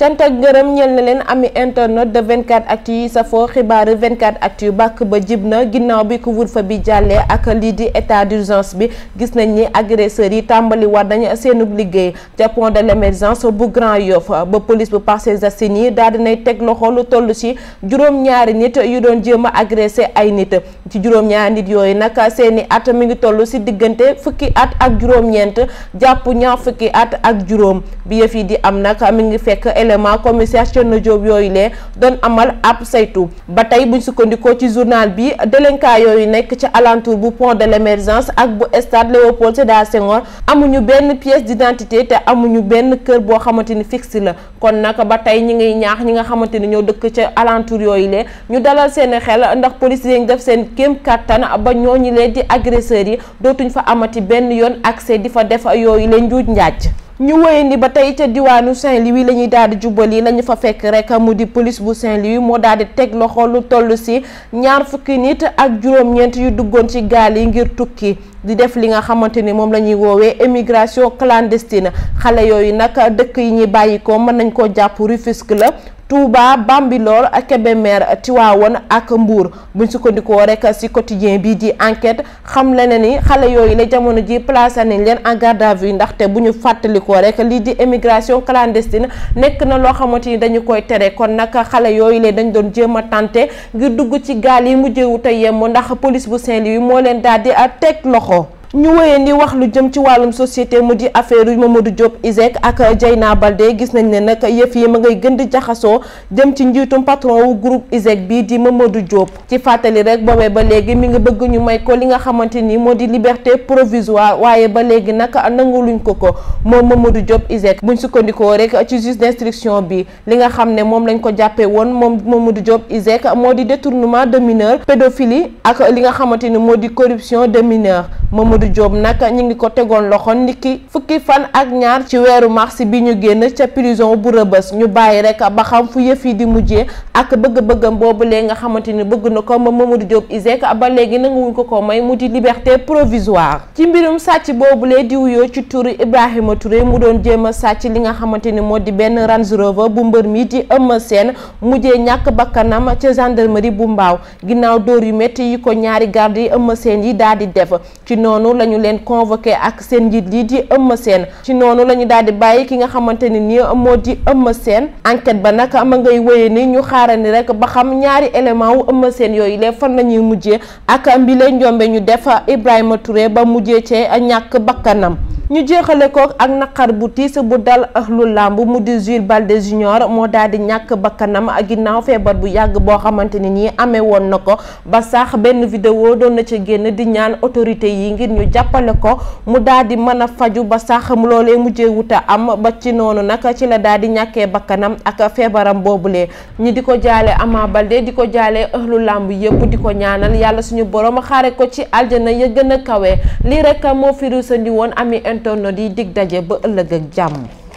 cant ak ngërëm ñel na leen ami internet de 24 actu yi safoo xibaaru 24 actu yu bàkk ba jib na ginnaaw bi couvre-feu bi jàllee ak lii di état d'urgence bi gis nañ ni agresseurs yi tàmbali war nañ seenug liggéey ca pont de l'émergence bu Grand Yoff ba police bu Parcelles Assainies yi daal nay teg loxo lu toll ci juróom-ñaari nit yu doon jéem a agressé ay nit ci juróom-ñaari nit yooyu nag seeni at mi ngi toll ci diggante fukki at ak juróom-ñeent jàpp ñaar fukki at ak juróom élément commissaire Thierno Diop yooyu lee doon amal ab saytu ba tey buñ sukkandikoo ci journal bi délinquant yooyu nekk ci alentour bu pont de l'émergence ak bu stade Léopold Sédar amu ñu benn pièce d'identité te amuñu benn kër boo xamante ni fixe la kon nag ba tey ñi ngay ñaax ñi nga xamante ni ñoo dëkk ca alentour yooyu lee ñu dalal seen xel ndax police yi def seen kéem kattan ba ñoo ñooñu leen di agresseurs yi dootuñ fa amati benn yoon accès di fa def yooyu leen njuuj njaaj ñu wéyandi ba tey ca diwaanu Saint-Louis la ñuy daal di jubal yi la ñu fa fekk rek mu di police bu Saint-Louis moo daal di teg loxo lu toll si ñaar fukki nit ak juróom-ñeent yu duggoon ci gaal yi ngir tukki di def li nga xamante ni moom la ñuy woowee émigration clandestine xale yooyu nag dëkk yi ñuy bàyyi ko mën nañ ko jàpp Rufisque la Touba Bambilor ak Kébémer Tiwaawoon ak Mbour buñ sukkandikoo rek ci quotidien bi di enquête xam le ne ni xale yooyu la jamono ji placé nañ leen en garde yi vue ndaxte bu ñu fàttalikoo rek lii di émigration clandestine nekk na loo xamante ni dañu koy tere kon nag xale yooyu la dañu doon jéem a tenté ngir dugg ci gaal yi mujjewu te yemm ndax police bu saint moo leen daal di teg loxo ñu wéyeen ni wax lu jëm ci wàllum société mu di affaire yu Mamadou Diop ISEC ak Dieyna Baldé gis nañ ne nag yëf yi ma ngay gën di jaxasoo jëm ci njiitum patron wu groupe ISEC bii di Mamadou Diop ci fàttali rek boobee ba léegi mi ngi bëgg ñu may ko li nga xamante ni moo di liberté provisoire waaye ba léegi nag nanguluñ ko ko moom Mamadou Diop ISEC buñ sukkandikoo rek ci juge bi li nga xam ne moom lañ ko jàppee woon moom Mamadou Diop ISEC moo di détournement de mineur pédophilie ak li nga xamante ni moo di corruption de mineur Mamadou Mamadou Diop nag ñu ngi ko tegoon loxo niki fukki fan ak ñaar ci weeru mars bi ñu génn ca prison bu rëbës ñu bàyyi rek ba xam fu yëf yi di mujjee ak bëgg-bëggam boobu lee nga xamante ni bëgg na ko ma Mamadou Diop ISEC ba léegi nanguwuñ ko ko may mu di liberté provisoire ci mbirum sàcc boobu lee di wuyoo ci turu Ibrahima Touré mu doon jéem a sàcc li nga xamante ni moo di benn Range Rover bu mbër mi di Eumeu Sène mujjee ñàkk bakkanam ca gendarmerie bu mbaaw ginnaaw dóor yu métti yi ko ñaari garde yi Eumeu Sène yi daal di def noonu la ñu leen convoqué ak seen njiit lii di Eumeu Sène ci noonu la ñu daal di bàyyi ki nga xamante ne nii moo di Eumeu Sène enquête ba nag ma ngay wéye ni ñu ni rek ba xam ñaari élément wu Eumeu Sène yooyu lee fan la ñuy mujjee ak mbile jombe ñu def Ibrahima Touré ba mujjee cee ñàkk bakkanam ñu jeexale ko ak naqar bu tiis bu dal ahlu làmb mu di Jules Balde Junior moo daal di ñàkk bakkanam ginnaaw feebar bu yàgg boo xamante ni nii amee na ko ba sax ñu jàppale ko mu daal di mën a faju ba sax mu loolee mujje wuta am ba ci noonu nag ci la daal di ñàkkee bakkanam ak feebaram boobulee ñi di ko jaale Ama de di ko jaale ëhlu làmb yëpp di ko ñaanal yàlla suñu borom xaare ko ci aljana ya gën a kawe lii rek moo fi ruusandi woon ami internet yi dig daje ba ëllëg ak jàmm